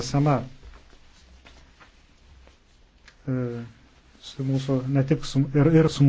esama e, su mūsų, ne tik su, ir, ir su mūsų.